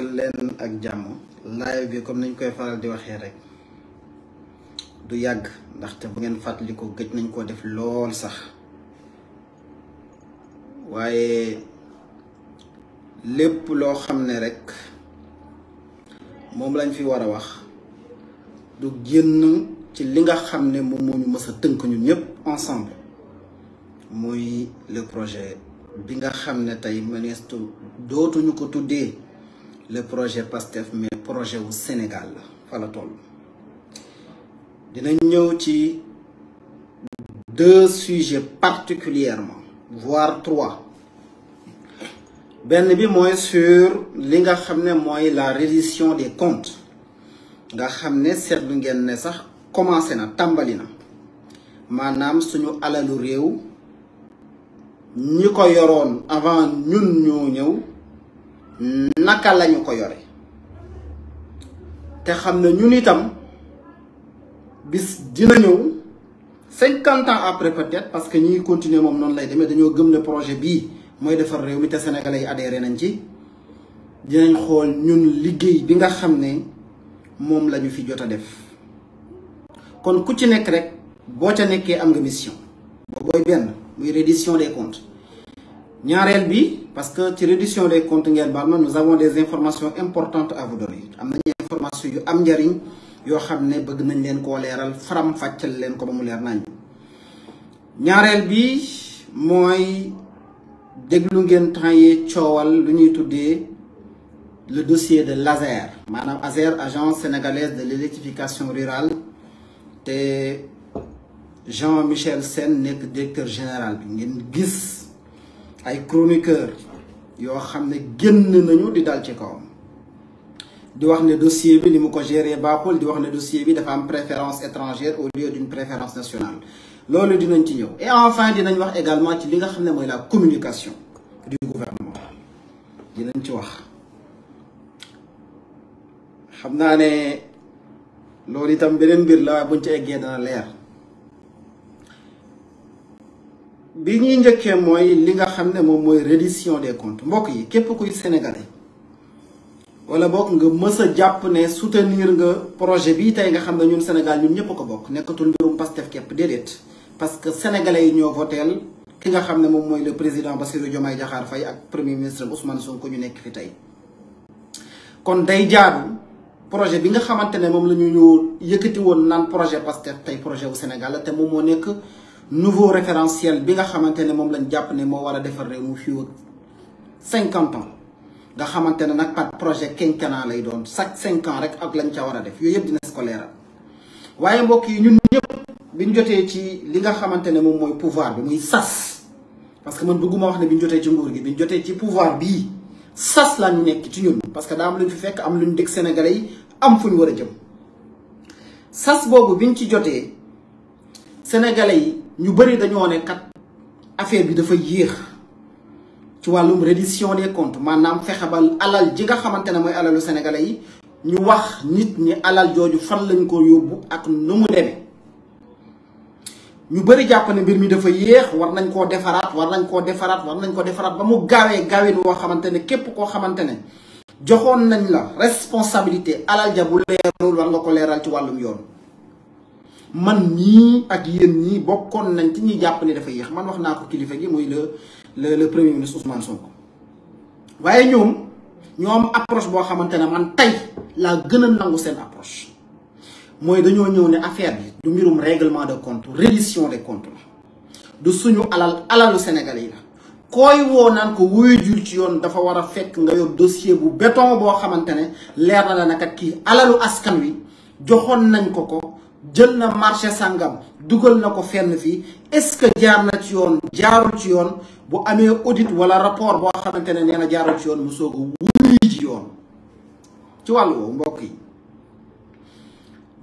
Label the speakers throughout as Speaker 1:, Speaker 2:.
Speaker 1: leen ak jàmm live bi comme nañ koy faral di waxee rek du yàgg ndaxte bu ngeen fàttaliku gëj nañ koo def lool sax waaye lépp loo xam ne rek moom lañ fi war a wax du génn ci li nga xam ne moom moo ñu mës a tënk ñun ñëpp ensemble muy le projet bi nga xam ne tey mënees dootuñu ko tuddee le projet PASTEF mais projet wu Sénégal la fa la toll dinañ ñëw ci deux sujets particulièrement voire trois benn bi mooy sur li nga xam ne mooy la reddition des comptes nga xam ne seetlu ngeen ne sax commencé na tàmbali na maanaam suñu alalu réew ñi ko yoroon avant ñun ñoo ñëw naka lañu ko yore te xam ne ñun itam bis dina ñëw cinquante ans après peut-être parce que ñuy continuer moom noonu lay demee dañoo gëm ne projet bii mooy defar réew mi te sénégalais yi adhéré nañ ci dinañ xool ñun liggéey bi nga xam ne moom lañu fi jot a def kon ku ci nekk rek boo ca nekkee am nga mission. boobu booy benn muy reddition des comptes. ñaareel bi parce que ci réduction des comptes ngeen baal ma nous avons des informations importantes à vous donner am nañu information yu am njariñ yoo xam ne bëgg nañ leen koo leeral faram fàccal leen ko ba mu leer nañ ñaareel bi mooy déglu ngeen temps yi coowal lu ñuy tuddee le dossier de l'ASER maanaam ASER agence sénégalaise de l'électrification rurale te Jean Michel seen nekk directeur général bi ngeen gis ay chroniqueur yoo xam ne génn nañu di dal ci kawam di wax ne dossier bi ni mu ko géré baaxul di wax ne dossier bi dafa am préférence étrangère au lieu d'une préférence nationale loolu dinañ ci ñëw et enfin dinañ wax également ci li nga xam ne mooy la communication du gouvernement dinañ ci wax xam naa ne loolu itam beneen mbir la buñ ci eggee dana leer bi ñuy njëkkee mooy li nga xam ne moom mooy reddition des comptes mbokk yi képp kuy sénégalais wala bokk nga mës a jàpp ne soutenir nga projet bi tey nga xam ne ñun Sénégal ñun ñëpp ko bokk nekkatul mbirum Pastef képp déedéet parce que sénégalais yi ñoo voteel ki nga xam ne moom mooy le président ba Bassirou Diomaye jaxaar fay ak premier ministre Ousmane Sonko ñu nekk fi tey kon day jaar projet bi nga xamante ne moom la ñu ñu yëkkati woon naan projet Pastef tey projet wu Sénégal te moom moo nekk nouveau référentiel bi nga xamante ne moom lañ jàpp ne moo war a defar réew mu fii wër cinquante ans nga xamante ne nag par projet quinquennat lay doon chaque cinq rek ak lañ ca war a def yooy yëpp dina ko leeral waaye mbokk yi ñun ñëpp bi ñu jotee ci li nga xamante ne moom mooy pouvoir bi muy sas parce que man bëgguma wax ne bi ñu jotee ci nguur gi bi ñu jotee ci pouvoir bii sas lañu nekk ci ñun parce que daa am lu ñu fi fekk am lu ñu dégg Sénégalais am fu war a jëm sas boobu bi ci jotee Sénégalais yi. ñu bëri dañoo ne kat affaire bi dafa yéex ci wàllum reddition des comptes maanaam fexe ba alal ji nga xamante ne mooy alalu sénégalais yi ñu wax nit ñi alal jooju fan lañ ko yóbbu ak nu mu demee ñu bëri jàpp ne mbir mi dafa yéex war nañ koo defaraat war nañ koo defaraat war nañ koo defaraat ba mu gaawee gaaween woo xamante ne képp koo xamante ne joxoon nañ la responsabilité alal ja bu leerul war nga ko leeral ci wàllum yoon man mii ak yéen nii bokkoon nañ ci ñuy jàpp ne dafa yéex man wax naa ko kilifa gi muy le le le premier ministre Ousmane Sonko waaye ñoom ñoo approche boo xamante ne man tey laa gën a nangu seen approche mooy dañoo ñëw ne affaire bi du mbirum réglement de compte reddition des comptes la du suñu alal alalu Sénégalais yi la kooy woo naan ko wuyu ci yoon dafa war a fekk nga yor dossier bu beton boo xamante ne leer na la nakat kii alalu askan wi joxoon nañ ko ko jël na marché sàngam dugal na ko fenn fii est-ce que jaar na ci yoon jaarul ci yoon bu amee audit walla rapport boo xamante ne nee na jaarul ci yoon mu soog a wuyu ji yoon ci wàllu woowu mbokk yi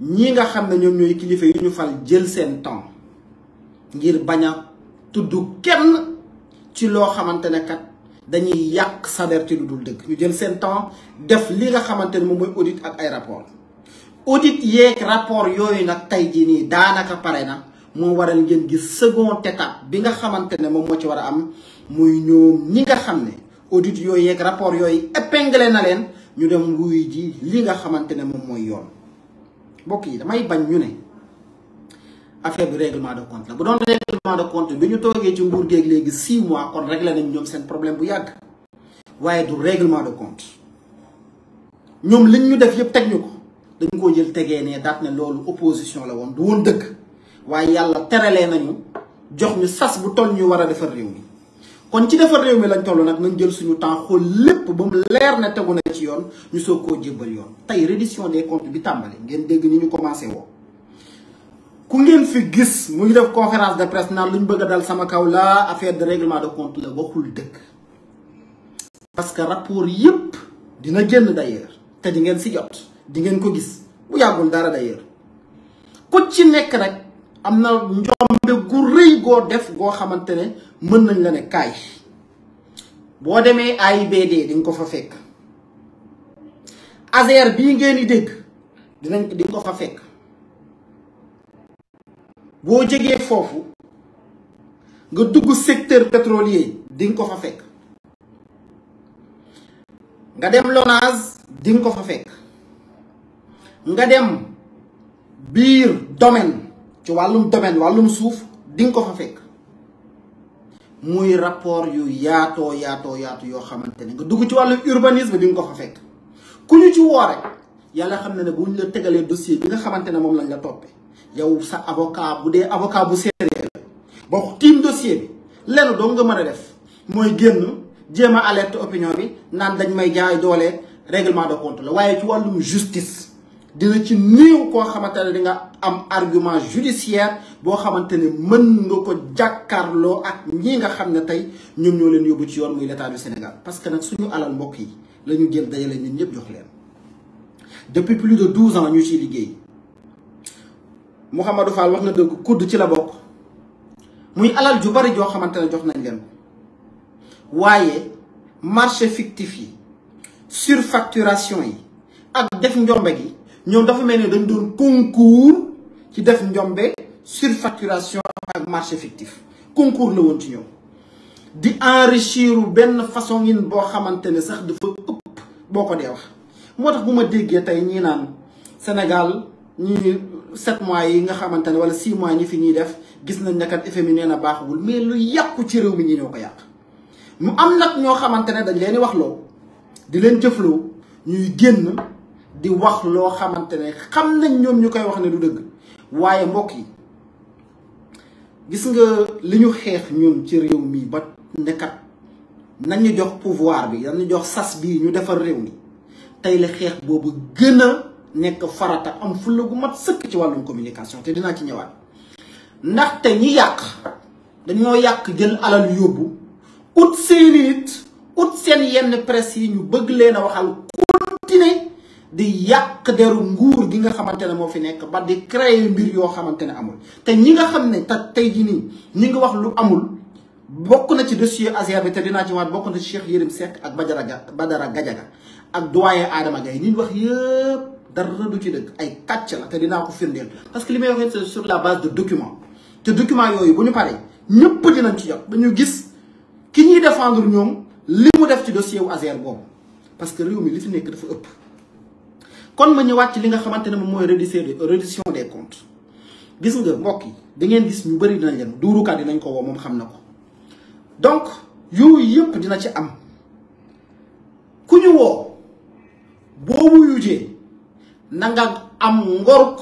Speaker 1: ñi nga xam ne ñoom ñooy kilifa yi ñu fal jël seen temps ngir bañ a tudd kenn ci loo xamante ne kat dañuy yàq sader ci lu dul dëkk ñu jël seen temps def li nga xamante ne moom mooy audit ak ay rapport audit yeeg rapport yooyu nag tey jii nii daanaka pare na moo waral ngeen gis seconde étape bi nga xamante ne moom moo ci war a am muy ñoom ñi nga xam ne audit yooyu yeeg rapport yooyu épinglé na leen ñu dem wuy ji li nga xamante ne moom mooy yoon mbokk yi damay bañ ñu ne affaire bi de compte bu doon règlement de compte bi ñu toogee ci nguur géeg léegi six mois kon réglé nañ ñoom seen problème bu yàgg waaye du réglement de compte ñoom liñ ñu def yëpp teg ñu ko dañ koo jël tegee ne daat ne loolu opposition la woon du woon dëgg waaye yàlla teralee nañu jox ñu sas bu toll ñu war a defar réew mi kon ci defar réew mi lañ toll nag nañ jël suñu temps xool lépp ba mu leer na tegu na ci yoon ñu soog koo jébbal yoon tey reddition des comptes bi tàmbali ngeen dégg ñu ñu commencé woo ku ngeen fi gis mu def conférence de presse naan lu ñu bëgg a dal sama kaw la affaire de règlement de compte la waxul dëkk parce que rapport yépp dina génn d'ailleurs te di ngeen si jot di ko gis bu yàggul dara d'ailleurs ku ci nekk nag am na njombe gu rëy goo def goo xamante ne mën nañ la ne kaay boo demee AIBD di ko fa fekk ASER bii ngeen di dégg dinañ di ko fa fekk boo jógee foofu nga dugg secteur pétrolier di nga ko fa fekk nga dem LONASE di nga ko fa fekk nga dem biir domaine ci wàllum domaine wàllum suuf di nga ko fa fekk muy rapport yu yaatoo yaatoo yaatu yoo xamante ne nga dugg ci wàllum urbanisme bi nga ko fa fekk ku ñu ci woo yàlla xam na ne bu ñu la tegalee dossier bi nga xamante ne moom lañ la toppee yow sa avocat bu dee avocat bu sérieux la boo tiim dossier bi lenn doo nga mën a def mooy génn jéem a alerte opinion bi naan dañ may jaay doole règlement de compte la waaye ci wàllum justice dina ci néew koo xamante ne di nga am argument judiciaire boo xamante ne mën nga ko jàkkaarloo ak ñi nga xam ne tey ñun ñoo leen yóbbu ci yoon muy l'état du Sénégal parce que nag suñu alal mbokk yi la ñu jël dajale ñun ñëpp jox leen depuis plus de douze ans ñu ciy liggéey Mouhamadou Fall wax na dëgg kudd ci la bokk muy alal ju bari joo xamante ne jox nañ leen waaye marché fictif yi surfacturation yi ak def njombe gi ñoom dafa mel ni dañ doon concours ci def njombe surfacturation ak marché fictif concours la woon ci ñoom di enrichir benn façon yin boo xamante ne sax dafa ëpp boo ko dee wax moo tax bu ma déggee tey ñii naan Sénégal ñi set mois yi nga xamante ne wala six mois ñi fi ñuy def gis nañ ne kat FMI nee na baaxul mais lu yàqu ci réew mi ñi ñoo ko yàq mu am nag ñoo xamante ne dañ leen di wax loo di leen jëfloo ñuy génn di wax loo xamante ne xam nañ ñoom ñu koy wax ne du dëgg waaye mbokk yi gis nga li ñu xeex ñun ci réew mii ba nekkat nañ ñu jox pouvoir bi nañ jox sas bi ñu defar réew mi tey la xeex boobu gën a nekk farata am fulla gu mat sëkk ci wàllum communication te dinaa ci ñëwaat ndaxte ñi yàq dañoo yàq jël alal yóbbu ut seeni nit ut seen yenn presse yi ñu bëgg leen a waxal di yàq deru nguur gi nga xamante ne moo fi nekk ba di créer mbir yoo xamante ne amul te ñi nga xam ne te tey jii nii ñi ngi wax lu amul bokk na ci dossier Asia bi te dinaa ci waat bokk na ci Cheikh Yérim Seck ak Badara Badara Gadiaga ak doyen Adama Gaye ñi wax yëpp dara du ci dëkk ay kàcc la te dinaa ko firndeel parce que li may waxee c'est su la base de document te document yooyu bu ñu paree ñëpp dinañ ci jot ba ñu gis ki ñuy défendre ñoom li mu def ci dossier wu boobu parce que réew mi li fi nekk dafa ëpp kon ma ñëwaat ci li nga xamante ne moom mooy reddition des comptes gis nga mbokk yi da ngeen gis ñu bëri dinañ leen duurukat nañ ko woo moom xam na ko donc yooyu yëpp dina ci am ku ñu woo boobu yujee na am ngoruk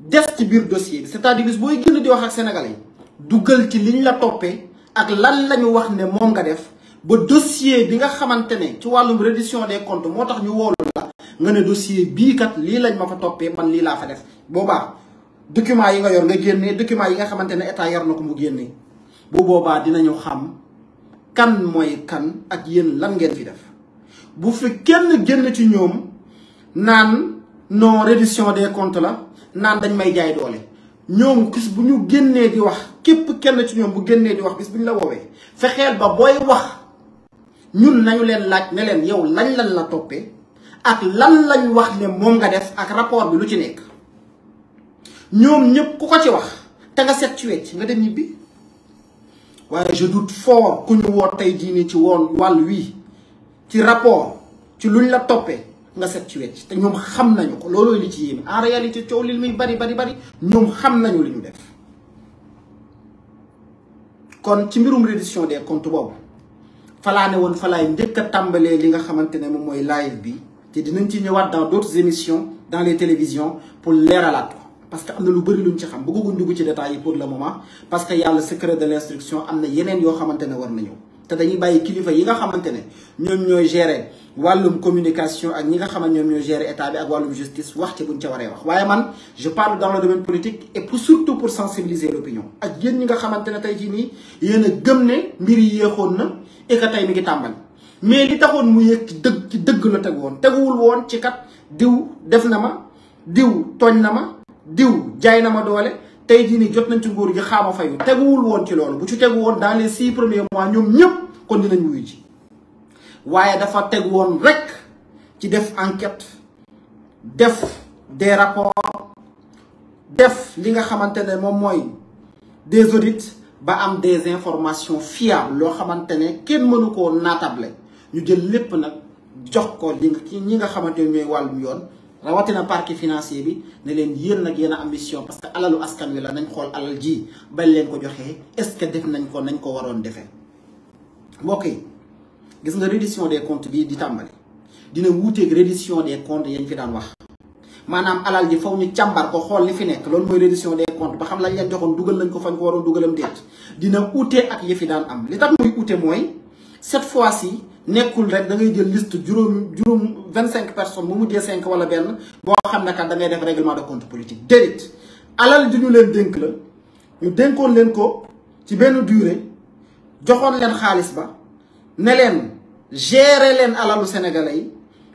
Speaker 1: des ci biir dossier bi c'est-à-dire booy génn di wax ak sénégalais yi duggal ci liñ la toppee ak lan lañu wax ne moom nga def ba dossier bi nga xamante ne ci wàllum reddition des comptes moo tax ñu woolu la nga ne dossier bii kat lii lañ ma fa toppee man lii laa fa def boobaa document yi nga yor nga génnee document yi nga xamante ne état yor na ko mu génnee bu boobaa dina dinañu xam kan mooy kan ak yéen lan ngeen fi def bu fi kenn génn ci ñoom naan non reddition des comptes la naan dañ may jaay doole ñoom gis bu ñu génnee di wax képp kenn ci ñoom bu génnee di wax bis bu ñu la woowee fexeel ba booy wax ñun nañu leen laaj ne leen yow lañ lañ la toppee ak lan lañ wax ne moom nga def ak rapport bi lu ci nekk ñoom ñëpp ku ko ci wax te nga set ci wecc nga dem ñibbi waaye je doute fort ku ñu woo tey jii nii ci woon wàll wii ci rapport ci luñ la toppee nga set ci wecc te ñoom xam nañu ko loolooy li ci yéen en réalité coow li muy bari bari bari ñoom xam nañu li ñu def kon ci mbirum reddition des comptes boobu. falaane woon falaay njëkk a tàmbalee li nga xamante ne moom mooy live bi te dinañ ci ñëwaat dans d'autres émissions dans les télévisions pour leeralaat ko parce que am na lu bëri ñu ci xam bëgguñ dugg ci détails yi pour le moment parce que yàlla secret de l'instruction am na yeneen yoo xamante ne war na ñëw te dañuy bàyyi kilifa yi nga xamante ne ñoom ñooy gérer wàllum communication ak ñi nga xam ne ñoom ñooy gérer état bi ak wàllum justice wax waaye man je parle dans le domaine politique et pour surtout pour ak yéen ñi nga xamante ne tey jii nii yéen gëm ne mbir yi yéexoon na et que mi ngi tàmbali mais li taxoon mu yëg ci dëgg ci dëgg la tegu woon teguwul woon ci kat diw def na ma diw tooñ na ma diw jaay na ma doole tey jii jot nañ ci nguur gi xaama fayu teguwul woon ci loolu bu ci tegu woon dans les six premiers mois ñoom ñëpp kon dinañ wuyu ji waaye dafa teg woon rek ci def enquête def des rapports def li nga xamante ne moom mooy des audits ba am des informations fiables loo xamante ne kenn mënu koo naatable ñu jël lépp nag jox ko li ci ñi nga xamante ne ñooy wàllum yoon rawatina parquet financier bi ne leen yéen nag yéen a mission parce que alalu askan wi la nañ xool alal ji bañ leen ko joxee est-ce que def nañ ko nañ ko waroon defee mbokk yi gis nga reddition des comptes bi di tàmbali dina wuuteeg reddition des comptes yañ fi daan wax maanaam alal ji faw ñu càmbar ko xool li fi nekk loolu mooy reddition des comptes ba xam lañ leen joxoon dugal nañ ko fañ ko waroon dugalam déet dina ute ak fi daan am li tax muy ute mooy cette fois ci nekkul rek da ngay jël list juróom juróom vingt cinq personnes bu mujjee cinq wala benn boo xam ne kat da ngay def règlement de compte politique déedéet alal ju ñu leen dénk la ñu dénkoon leen ko ci benn durée joxoon leen xaalis ba ne leen gérer leen alalu sénégalais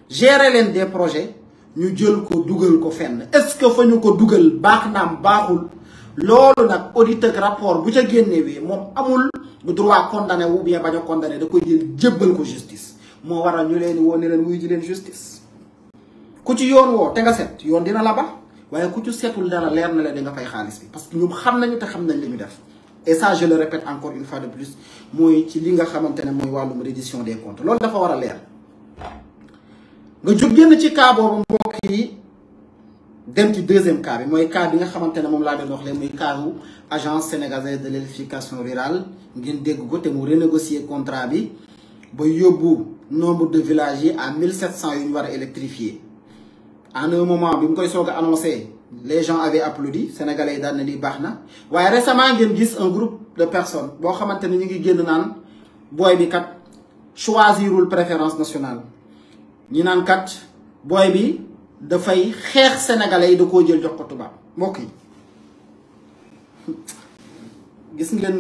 Speaker 1: yi leen des projets ñu jël ko dugal ko fenn est-ce que fa ñu ko dugal baax naam baaxul loolu nag audit ak rapport bu ca génne bi moom amul droit condamné wu bien bañ a condamné da koy jël jébbal ko justice moo war a ñu leen woo ne leen wuy jëleen leen justice ku ci yoon woo te nga set yoon dina la ba waaye ku ci setul dara leer na leen di nga fay xaalis bi parce que ñoom xam nañu te xam nañ li ñu def et ça je le répète encore une fois de plus mooy ci li nga xamante ne mooy wàllum reddition des comptes loolu dafa war a leer nga jug génn ci cas boobu mbokk yi dem ci deuxième cas bi mooy cas bi nga xamante ne moom laa doon wax léegi muy cas agence sénégalaise de l'électrification rurale ngeen dégg ko te mu renégocier contrat bi ba yóbbu nombre de village yi à mille sept cent yu ñu war a électrifier en un moment bi mu koy soog a annoncé les gens avaient applaudi sénégalais yi daan na lii baax na waaye récemment ngeen gis un groupe de personnes boo xamante ne ñu ngi génn naan booy bi kat choisirul préférence nationale ñi naan kat booy bi dafay xeex sénégalais yi da koo jël jox ko tubaab mbokk yi gis ngeen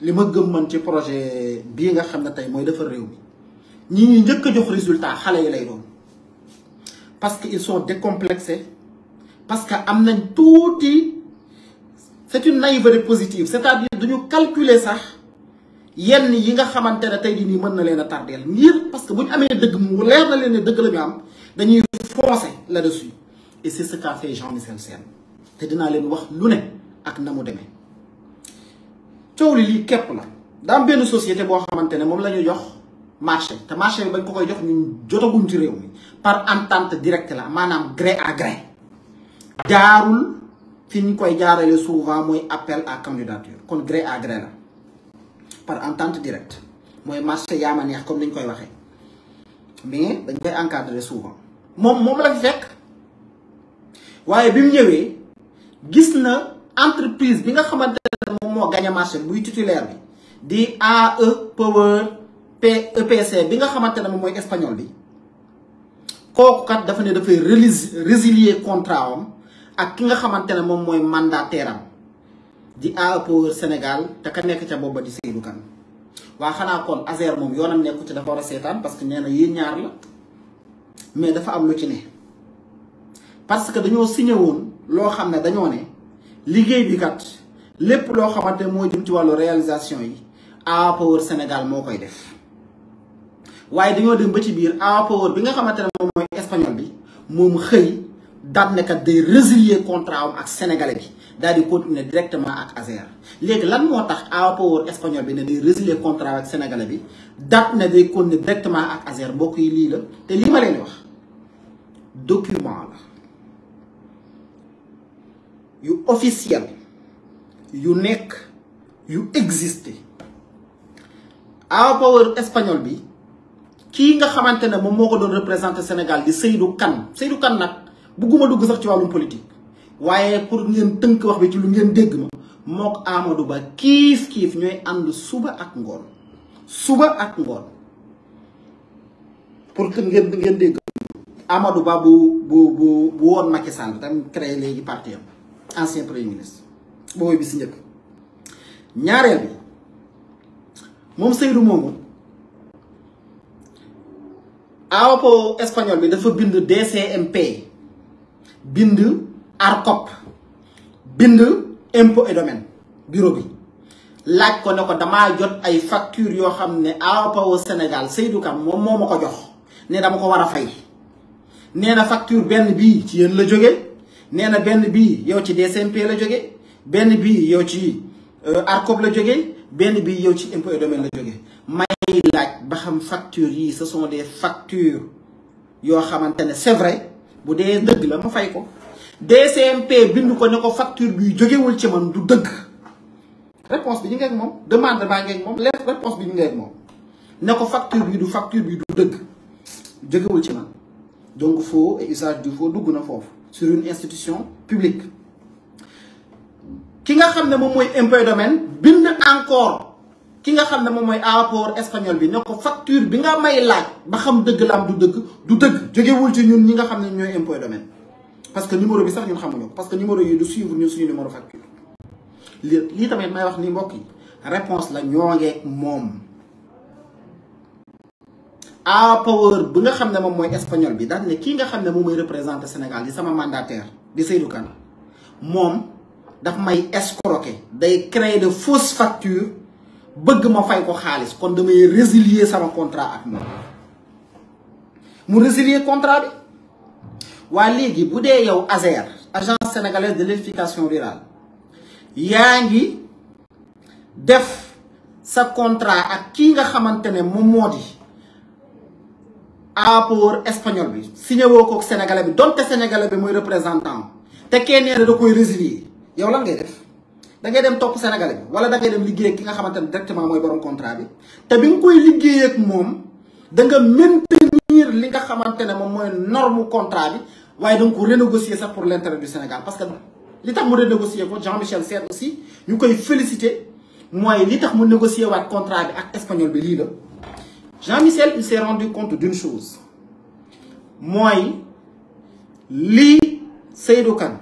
Speaker 1: li ma gëm man ci projet bii nga xam ne tey mooy defar réew mi ñi ñuy njëkk a jox résultat xale yi lay doon parce que ils sont décomplexés parce que am nañ tuuti c'est une yu positive c'est-à-dire duñu calculer sax yenn yi nga xamante ne tey jii nii mën na leen a tardeel ngir parce que bu ñu amee dëgg mu leer na leen ne dëgg la ñu am dañuy foncer là-dessus et c'est ce qu'a fait Jean-Michel Sène te dinaa leen wax lu ne ak na mu demee coow lii képp la daa benn société boo xamante ne moom la ñu jox marché te marché bi bañ ko koy jox ñun jotaguñ ci réew mi par entente directe la maanaam gré à gré jaarul fi ñu koy jaarale souvent muy appel à candidature kon gré à gré la par entente directe mooy marché yaama neex comme ni ñu koy waxee mais dañ koy encadrer souvent moom moom la fi fekk waaye bi mu ñëwee gis na entreprise bi nga xamante ne moom moo gagné di AE e bi nga xamante ne moom mooy espagnol bi kooku kat dafa ne dafay résilier contrat am ak ki nga xamante ne moom mooy mandataire di AE Power Sénégal te ka nekk ca booba di Seydou Kane waa xanaa kon Azer moom yoonam nekku ci dafa war a seetaan parce que nee na yéen ñaar la mais dafa am lu ci ne parce que dañoo signé woon loo xam ne dañoo ne liggéey bi kat lépp loo xamante ne moo ci wàllu réalisation yi AE Power Sénégal moo koy def waaye dañoo dem ba ci biir AE bi nga xamante ne moom mooy espagnol bi moom xëy daat ne day résilier contrat am ak sénégalais bi. daal di continuer directement ak ASER léegi lan moo tax APOWER espagnol bi ne day résilier contrat ak sénégalais bi date ne day continuer directement ak ASER mbokk yi lii la te lii ma leen wax document la yu officiel yu nekk yu existé APOWER espagnol bi ki nga xamante ne moom moo ko doon représenté Sénégal di Seydou Kane Seydou kan nag bugguma dugg sax ci wàllum politique waaye pour ngeen tënk wax bi ci lu ngeen dégg ma mook Amadou Ba kiif kiif ñooy ànd suba ak ngoon suba ak ngoon pour que ngeen ngeen dégg Amadou Ba bu bu bu woon Macky Sall tam créé léegi parti am ancien premier ministre boobu bi si njëkk ñaareel bi moom Seydou moomu awapo espagnol bi dafa bind DCMP bind ARCOP bind impôt et domaine bureau bi laaj ko ne ko damaa jot ay facture yoo xam ne AOPAO Sénégal Seydou Kam moom moo ma ko jox ne dama ko war a fay nee na facture benn bii ci yéen la jóge nee na benn bii yow ci DCMP la jóge benn bii yow ci euh, ARCOP la jóge benn bii yow ci impôt et domaine la jóge may laaj ba xam facture yi ce sont des factures yoo xamante ne c'est vrai bu dee dëgg la ma fay ko DCMP bind ko ne ko facture bi jógewul ci man du dëgg réponse bi ñu ngeeg moom demande baa ngeeg moom lépp réponse bi ñu ngeeg moom ne ko facture bi du facture bi du dëgg jógewul ci man donc faux et usage dugg na foofu sur une publique ki nga xam ne moom mooy impôt domaine bind encore ki nga xam ne moom mooy aéroport espagnol bi ne ko facture bi nga may laaj ba xam dëgg am du dëgg du dëgg jógewul ci ñun ñi nga xam ne ñooy impôt parce que numéro bi sax ñun xamuñu ko parce que numéro yi du suivre ñun suñu numéro facture li lii tamit may wax ni mbokk yi réponse la ñoo ngeeg moom a power bi nga xam ne moom mooy espagnol bi daal kii nga xam ne moom mooy représenté Sénégal di sama mandataire di Seydou Kane moom daf may escroquer day créer de fausses factures bëgg ma fay ko xaalis kon damay résilier sama contrat ak moom mu résilier contrat bi waa léegi bu dee yow ASER agence sénégalaise de l'électrification rurale yaa ngi def sa contrat ak kii nga xamante ne moom moo di apport espagnol bi signé woo ko bi donte sénégalais bi mooy représentant te keneen da da koy résilier yow lan ngay def da ngay dem topp sénégalais bi wala da ngay dem liggéey ak ki nga xamante ne directement mooy borom contrat bi te bi nga koy liggéey ak moom da nga tenir li nga xamante ne moom mooy norme contrat bi waaye donc renégocier sax pour l' intérêt du Sénégal parce que li tax mu renégocier ko Jean Michel Serre aussi ñu koy féliciter mooy li tax mu négocier waat contrat bi ak espagnol bi lii la. Jean Michel il s' est rendu compte d' une chose mooy lii Seydou Kane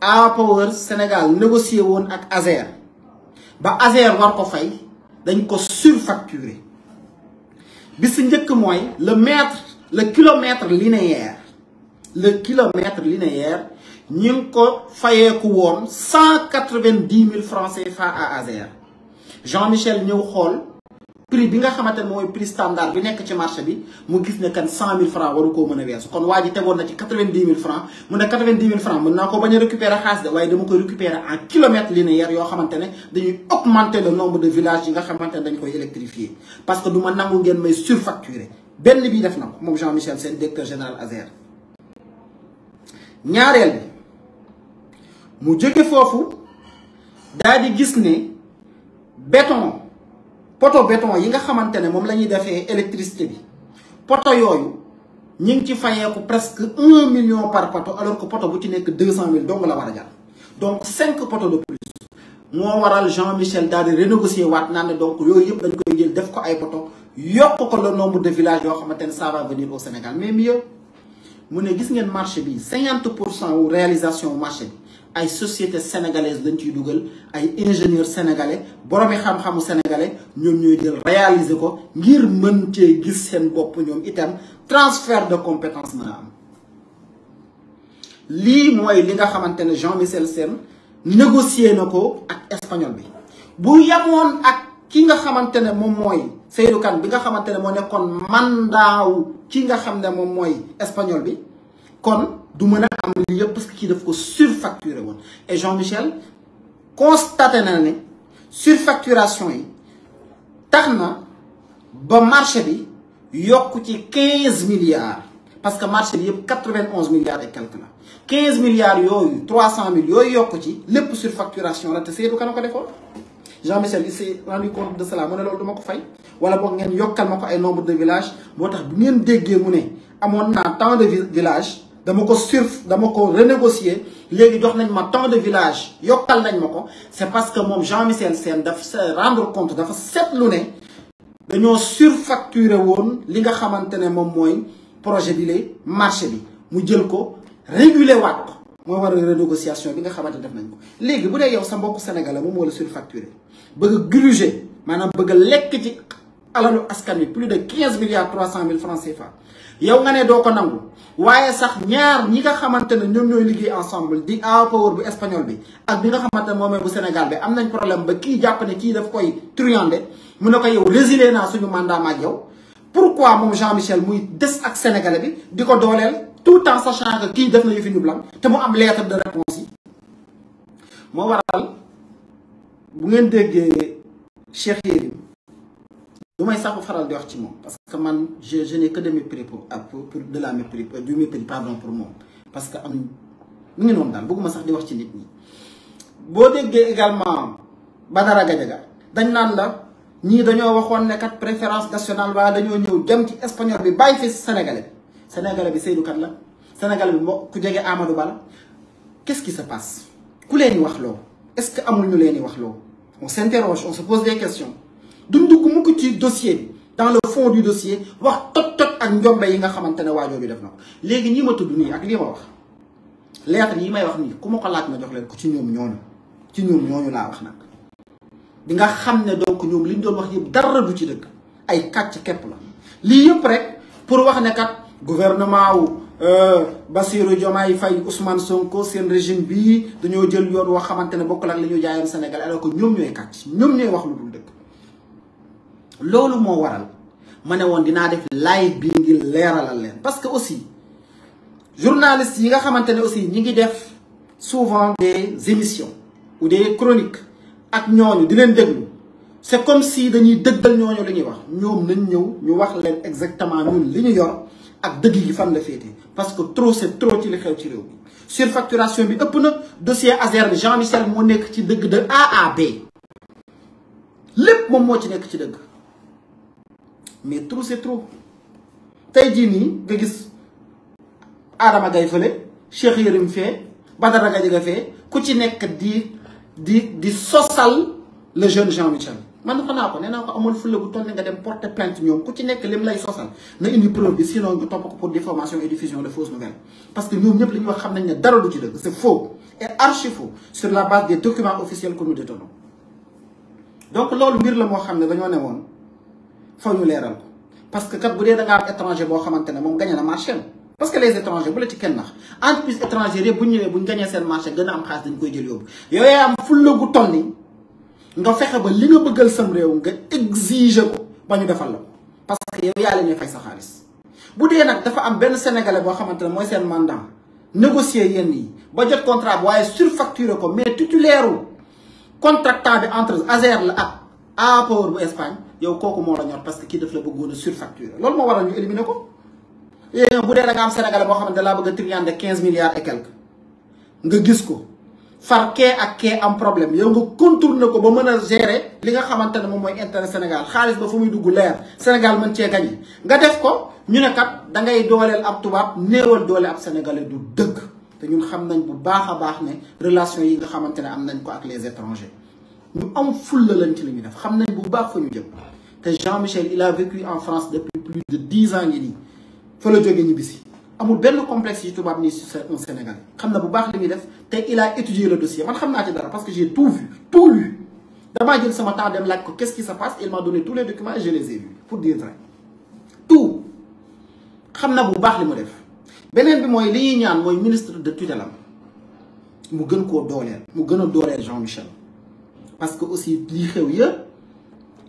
Speaker 1: APOWER Sénégal négocier woon ak Azer ba Azer war ko fay dañ ko surfacturer. bi si njëkk mooy le maître le kilomètre linéaire le kilomètre linéaire ñi ko fayeeku woon cent quatre-vingt-dix mille francs CFA à Azer Jean-Michel ñëw xool prix bi nga xamante ne mooy prix standard bi nekk ci marché bi mu gis ne kan mille francs waru koo mën a weesu kon waa ji tegoon na ci quatre-vingt-dix mille francs mu ne quatre-vingt-dix naa ko bañ a récupérer xaalis de waaye dama ko récupérer en kilomètre linéaire yoo xamante ne dañuy augmenter le nombre de villages yi nga xamante ne dañ koy électrifier parce que du ma benn bi def na ko moom Jean Michel Sène directeur général ASER ñaareel bi mu jóge foofu dal di gis ne béton poto béton yi nga xamante ne moom la ñuy defee électricité bi poto yooyu ñu ngi ci fayeeku presque un million par poto alors que poto bu ci nekk deux cent mille dong la war a jar donc cinq poto de plus moo waral Jean Michel daal di renégocier waat naan ne donc yooyu yëpp dañ koy jël def ko ay poto yokk ko le nombre de villages yoo xamante ne ça va venir au Sénégal mais mu ne gis ngeen marché bi 50 pour cent wu réalisation marché bi ay société sénégalaise lañ ciy dugal ay ingénieur sénégalais boroomi xam-xamu sénégalais ñoom ñooy jël réaliser ko ngir mën cee gis seen bopp ñoom itam transfert de compétence mën am lii mooy li nga xamante ne Jean Michel Sène négocier na ko ak espagnol bi bu yamoon ak ki nga xamante ne moom mooy Seydou bi nga xamante ne moo nekkoon mandaawu ki nga xam ne moom mooy espagnol bi kon du mën a am li yëpp parce que kii daf ko surfacturé woon et Jean Michel constaté na ne surfacturation yi tax na ba marché bi yokk ci quinze milliards parce que marché bi yëpp quatre-vingt-onze milliards et quelque la quinze milliards yooyu trois cent mille yooyu yokku ci lépp surfacturation la te Seydou Kane ko defoon Jean Michel il s'est rendu compte de cela mu ne loolu duma ko fay wala boog ngeen yokkal ma ko ay nombre de village boo tax bu ngeen déggee mu ne amoon naa tant de village dama ko surf dama ko renégocier léegi dox nañ ma tant de village yokkal nañ ma ko c'est parce que moom Jean Michel Sène dafa se rendre compte dafa seetlu ne dañoo surfacturé woon li nga xamante ne moom mooy projet bi lay marché bi mu jël ko réguler waat ko mooy a renégociation bi nga xamante def nañ ko léegi bu dee yow sa mbokku sénégalais moom moo surfacturé bëgg a gruger maanaam bëgg a lekk ci alalu askan wi plus de quinze milliards trois cent mille francs CFA yow nga ne doo ko nangu waaye sax ñaar ñi nga xamante ne ñoom ñooy liggéey ensemble di APOR bu espagnol bi ak bi nga xamante ne moomee bu Sénégal bi am nañ problème ba kii jàpp ne ki daf koy truandé mu ne ko yow résilier naa suñu mandat ma ak yow pourquoi moom Jean Michel des ak sénégalais bi di ko dooleel tout temps sachant que kii def na fi ñu blanc te mu am lettre de réponse yi moo waral bu ngeen déggee Cheikh Yérim du may sax faral di wax ci moom parce que man je je n'ai que de mépris pour ah, pour de la mépris euh, du pour moom parce que am mu ngi noonu daal bëgguma sax di wax ci nit ñi boo déggee également Badara Gadiaga dañ naan la ñii dañoo waxoon ne kat préférence nationale waaye dañoo ñëw dem ci espagnol bi bàyyi fi sénégalais Sénégalais bi Seydou Kat la Sénégalais bi moo ku jege Amadou bala la qu'est-ce qui se passe ku leen di wax loo est-ce que amul ñu leen di wax loo on s'interroge on se pose des questions dund ko mu ko ci dossier bi dans le fond du dossier wax tot tot ak njombe yi nga xamante ne waajoo bi def na ko léegi ñii ma tudd nii ak lii ma wax lettre yi may wax nii ku ma ko laaj ma jox leen ko ci ñoom ñooñu ci ñoom ñooñu laa wax nag di nga xam ne donc ñoom li ñu doon wax yëpp dara du ci dëgg ay kàcc képp la lii yëpp rek gouvernement wu jomaa yi fay Ousmane Sonko seen régime bii dañoo jël yoon woo xamante ne bokkul ak li ñu jaayoon Sénégal alors que ñoom ñooy kàcc ñoom ñooy wax lu dul dëkk loolu moo waral ma ne woon dinaa def live bi ngir leeralal leen parce que aussi journalistes yi nga xamante ne aussi ñi ngi def souvent des émissions ou des chroniques ak ñooñu di leen déglu c'est comme si dañuy dëggal ñooñu li ñuy wax ñoom nañ ñëw ñu wax leen exactement ñun li ñu yor ak dëgg yi fan la féetee parce que trop c'est trop ci li xew ci réew mi surfacturation bi ëpp na dossier Azer bi Jean Michel moo nekk ci dëgg de A à B lépp moom moo ci nekk ci dëgg mais trop c'est trop tey jii nii nga gis Adama Gaye fële Cheikh Yérim fee Badara Gadiaga fee ku ci nekk di di di sosal le jeune Jean Michel man wax naa ko nee naa ko amoon fulla bu toll nga dem porter plainte ñoom ku ci nekk lim lay sosal na indi preuve bi sinon nga topp ko pour diffamation et diffusion de fausses nouvelles parce que ñoom ñëpp li ñu wax xam nañ ne et archi faux sur la base des documents officiels que donc loolu mbir la moo xam ne dañoo ne woon faw ñu leeral ko parce que kat bu dee da ngaa am étranger boo xamante ne moom gañe na marché parce que les étrangers bu la ci kenn nax entreprise étrangère yëpp bu ñu ñëwee bu ñu gañee nga fexe ba li nga bëggal sam réew nga exiger ko ba ñu defal la ko parce que yow yaa fay sa xaalis bu dee nag dafa am benn sénégalais boo xamante ne mooy seen mandat négocier yenn yi ba jot contrat bi waaye surfacturé ko mais titulaire contractant bi entre Azer la ak Apoor bu Espagne yow kooku moo la ñor parce que kii daf la bëggoon a surfacturé loolu moo a ñu éliminer ko. bu dee da nga am sénégalais boo xamante ne laa bëgg a triande quinze milliards nga gis ko. far kee ak kee am problème yow nga contourner ko ba mën a gérer li nga xamante ne moom mooy intérêt Sénégal xaalis ba fu muy dugg leer Sénégal mën cee gañe nga def ko ñu ne kat da ngay dooleel ab tubaab néewal doole ab sénégalais du dëkk te ñun xam nañ bu baax a baax ne relation yi nga xamante ne am nañ ko ak les étrangers ñu am fulla lañ ci li ñu def xam nañ bu baax fa ñu jëm te Jean Michel il a vécu en France depuis plus de dix ans ngi nii fa la ñibbisi amul benn complexe yi tubaab nii sur un Sénégalais xam na bu baax li muy def te il a étudié le dossier man xam naa ci dara parce que j'ai tout vu tout lu damaa jël sama temps dem laaj ko qu'est-ce qui se passe il m'a donné tous les documents et je les ai pour dire vrai tout xam na bu baax li mu def beneen bi mooy li ñuy ñaan mooy ministre de tutelle am mu gën koo dooleel mu gën a dooleel Jean-Michel parce que aussi lii xew yëpp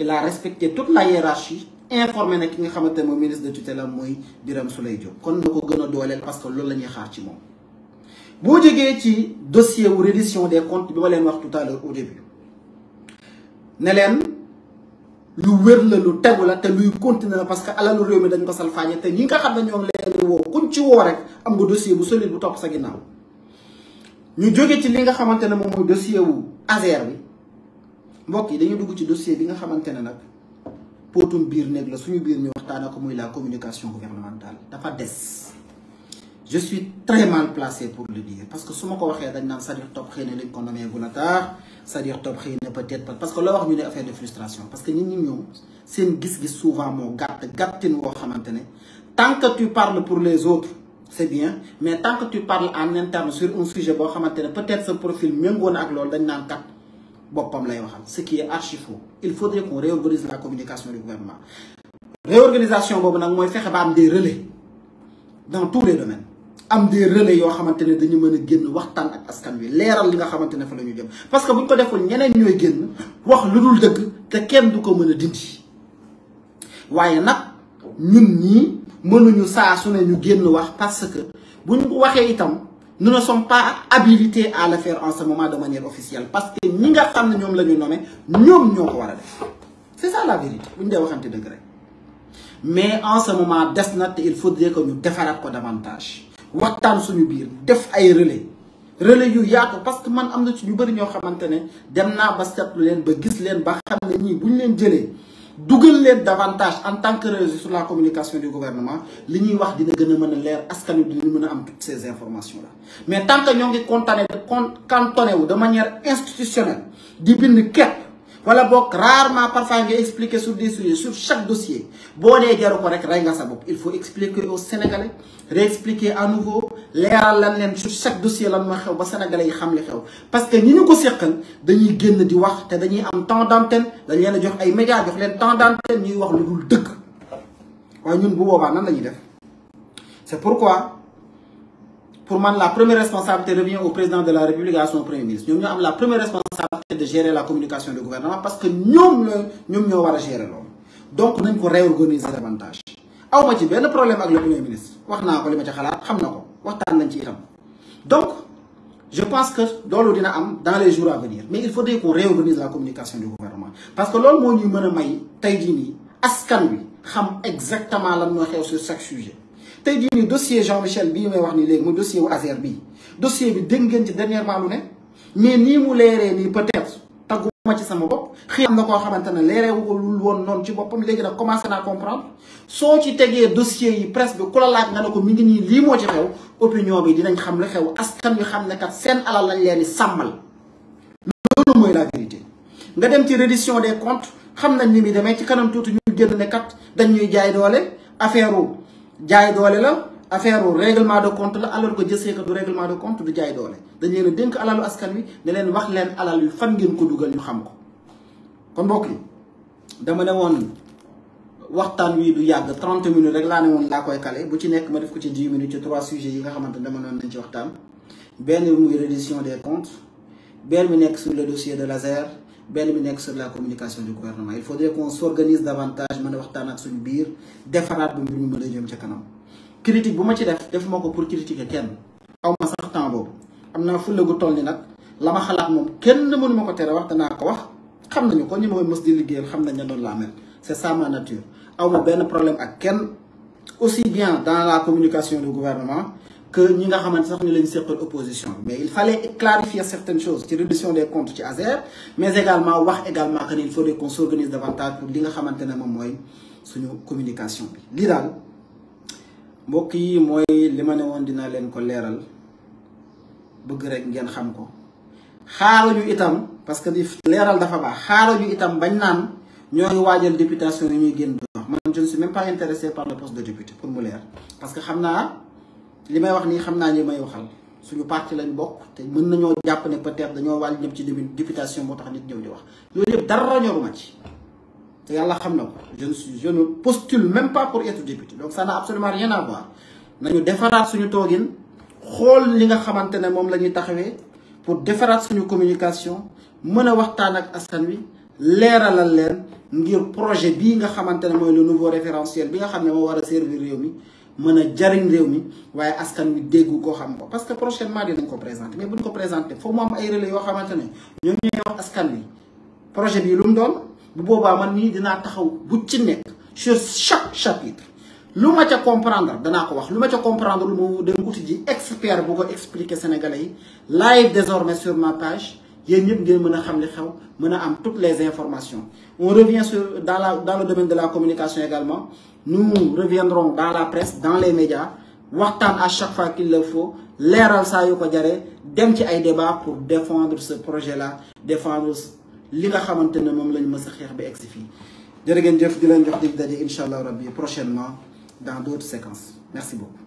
Speaker 1: il a respecté toute la hiérarchie informé na ki nga xamante ne mooy ministre de tutelle am mooy Birame Souleye Diop kon na ko gën a dooleel parce que loolu la ñuy xaar ci moom boo jógee ci dossier wu reddition des comptes bi leen wax tout à l'heure au leen lu wér la lu tegu la te luy continuer la parce que alalu réew mi ko salfaañe te ñi nga xam ne ñoom leen woo kuñ ci woo rek am nga dossier bu ñu jóge ci li nga xamante ne moom mooy dossier wu ASER bi mbokk yi dañu dugg ci dossier bi nga xamante ne nag potum biir néeg la suñu biir ñu waxtaana ko muy la communication gouvernementale dafa des je suis très mal placé pour le dire parce que su ma ko waxee dañ naan Sadikh Top xëy na lañ ko nommé Gunatar Sadikh Top xëy na peut-être parce que loo wax ñu ne affaire de frustration parce que nit ñi ñoom seen gis-gis souvent moo gàtt gàttin woo xamante ne tant que tu parles pour les autres c'est bien mais tant que tu parles en interne sur un sujet boo xamante ne peut-être sa profil méngoo loolu dañ naan kat boppam lay waxal ce qui est archi faux il faut qu'on réorganise la communication du gouvernement réorganisation boobu nag mooy fexe ba am des relais dans tous les domaines am des relais yoo xamante ne dañu mën a génn waxtaan ak askan wi leeral li nga xamante ne fa la ñu jëm parce que bu ñu ko deful ñeneen ñooy génn wax lu dul dëkk te kenn du ko mën a dindi waaye nag ñun ñii mënuñu saa su ne ñu génn wax parce que buñ ko waxee itam nous ne sommes pas habilités à le faire en ce de manière officielle parce que ñi nga xam ne ñoom la ñu nommé ñoom ñoo ko war a def c'est ça la vérité bu ñu dee waxante dëgg rek mais en ce des na te il faudrait que ñu defaraat ko davantage waxtaan suñu biir def ay relais relais yu yaatu parce que man am na ci ñu bëri ñoo xamante ne dem naa ba seetlu leen ba gis leen ba xam ne ñii bu ñu leen jëlee dugal leen davantage en tant que réseau sur la communication du gouvernement li ñuy wax dina gën a mën a leer askan wi dina mën a am toutes ces informations là mais tant que ñoo ngi cantonné cantonné wu de manière institutionnelle di bind képp wala boo rarement parfois nga expliquer sur des sujets sur chaque dossier boo dee ko rek rey nga sa bopp il faut expliquer aux Sénégalais réexpliquer à nouveau leeral lan leen sur chaque dossier lan moo xew ba sénégalais yi xam li xew parce que ñi ñu ko seqal dañuy génn di wax te dañuy am temps d'antenne dañ leen a jox ay médias jox leen temps d'antenne ñuy wax lu dul dëgg waaye ñun bu boobaa nan la ñuy def c'est pourquoi pour man la première responsabilité revient au président de la république à son premier ministre ñoom ñoo am la première responsabilité de gérer la communication du gouvernement parce que ñoom ñoom ñoo nañ ko réorganiser davantage aw ma ci benn problème ak le premier wax naa ko li ma ci xam na waxtaan nañ ci itam donc je pense que loolu dina am dans les jours à venir mais il faudrait qu'on réorganise la communication du gouvernement parce que loolu moo ñuy mën a may tey jii nii askan wi xam exactement la mooy xew sur chaque sujet tey jii nii dossier Jean Michel bii may wax ni léegi muy dossier wu affaire bii dossier bi dégg ngeen ci dernièrement lu ne mais nii mu leeree nii peut-être sama bopp xëy am na koo xamante ne leereewul woon noonu ci boppam léegi nag commencé naa comprendre soo ci tegee dossier yi presse bi ku la laaj nga ne ko mi ngi nii lii moo ci xew opinion bi dinañ xam lu xew askan wi xam ne kat seen alal lañ leen di sàmmal loolu mooy la vérité nga dem ci reddition des comptes xam nañ ni mi demee ci kanam tuuti ñu génn ne kat dañ ñuy jaay doole affaire jaay doole la affaire règlement de compte la alors que je sais que du règlement de compte du jaay doole dañ leen dénk alalu askan wi ne wax leen alal yu fan ngeen ko dugal ñu xam ko kon mbokk yi dama ne woon waxtaan wii du yàgg 30 minutes rek laa ne woon laa koy kale bu ci nekk ma def ko ci 10 minutes ci trois sujets yi nga xamante ne dama noon nañ ci waxtaan benn bi muy des comptes benn bi nekk sur le dossier de l'ASER benn bi nekk sur la communication du gouvernement il faudrait qu'on s'organise davantage mën a waxtaan ak suñu biir defaraat bu mbir mi mën a jëm ca kanam critique bu ma ci def def ma ko pour critiquer kenn aw temps boobu am naa fulla gu toll la ma xalaat moom kenn mënu ma ko tere wax danaa ko wax xam nañu ko ñu ma mës di liggéeyal xam nañ ne noonu laa mel c'est ça ma nature aw benn problème ak kenn aussi bien dans la communication du gouvernement que ñi nga xamante sax ñu lañ seqal opposition mais il fallait clarifier certaines choses ci réduction des comptes ci ASER mais également wax également que ne il faudrait qu'on s'organise davantage pour li nga xamante ne moom mooy suñu communication bi lii daal mbokk yi mooy li ma ne woon dinaa leen ko leeral ngeen xam ko ñu itam parce que di leeral dafa baax ñu itam bañ naan ñoo ngi waajal députation yi ñuy génn dox man je ne suis même pas intéressé par le poste de député pour mu leer parce que xam naa li may wax nii xam naa li may waxal suñu parti lañ bokk te mën nañoo jàpp ne peut-être dañoo wàll ñëpp ci députation moo tax nit ñëw di wax loolu yëpp dara ñoruma ci te yàlla xam na ko je ne suis postule même pas pour être député donc ça n'a absolument rien à voir nañu defaraat xool li nga xamante ne moom la ñuy taxawee pour defaraat suñu communication mën a waxtaan ak askan wi leeralal leen ngir projet bii nga xamante ne mooy le nouveau référentiel bi nga xam ne moo war a servir réew mi mën a jariñ réew mi waaye askan wi dégg ko xam ko parce que prochainement dinañ ko présenter mais buñ ko présenter foofu mu am ay relais yoo xamante ne ñoom ñooy wax askan wi projet bii lu mu doon bu boobaa man nii dinaa taxaw bu ci nekk sur chaque chapitre lu ma ca comprendre danaa ko wax lu ma ca comprendre lu mu dem wuti ji expert bu ko expliquer sénégalais yi live désormais sur ma page yéen ñëpp ngeen mën a xam li xew mën a am toutes les informations on revient dans la dans le la communication également nous reviendrons dans la presse dans les médias waxtaan à chaque fois qu'il le faut leeral saa yu ko jaree dem ci ay débat pour défendre ce projet là défendre li nga xamante ne moom lañu mës a xeex ba egsi fii jërë ngeen jëf di leen jox dig daje incha allah rabbi prochainement dans d'autres séquences merci beaucoup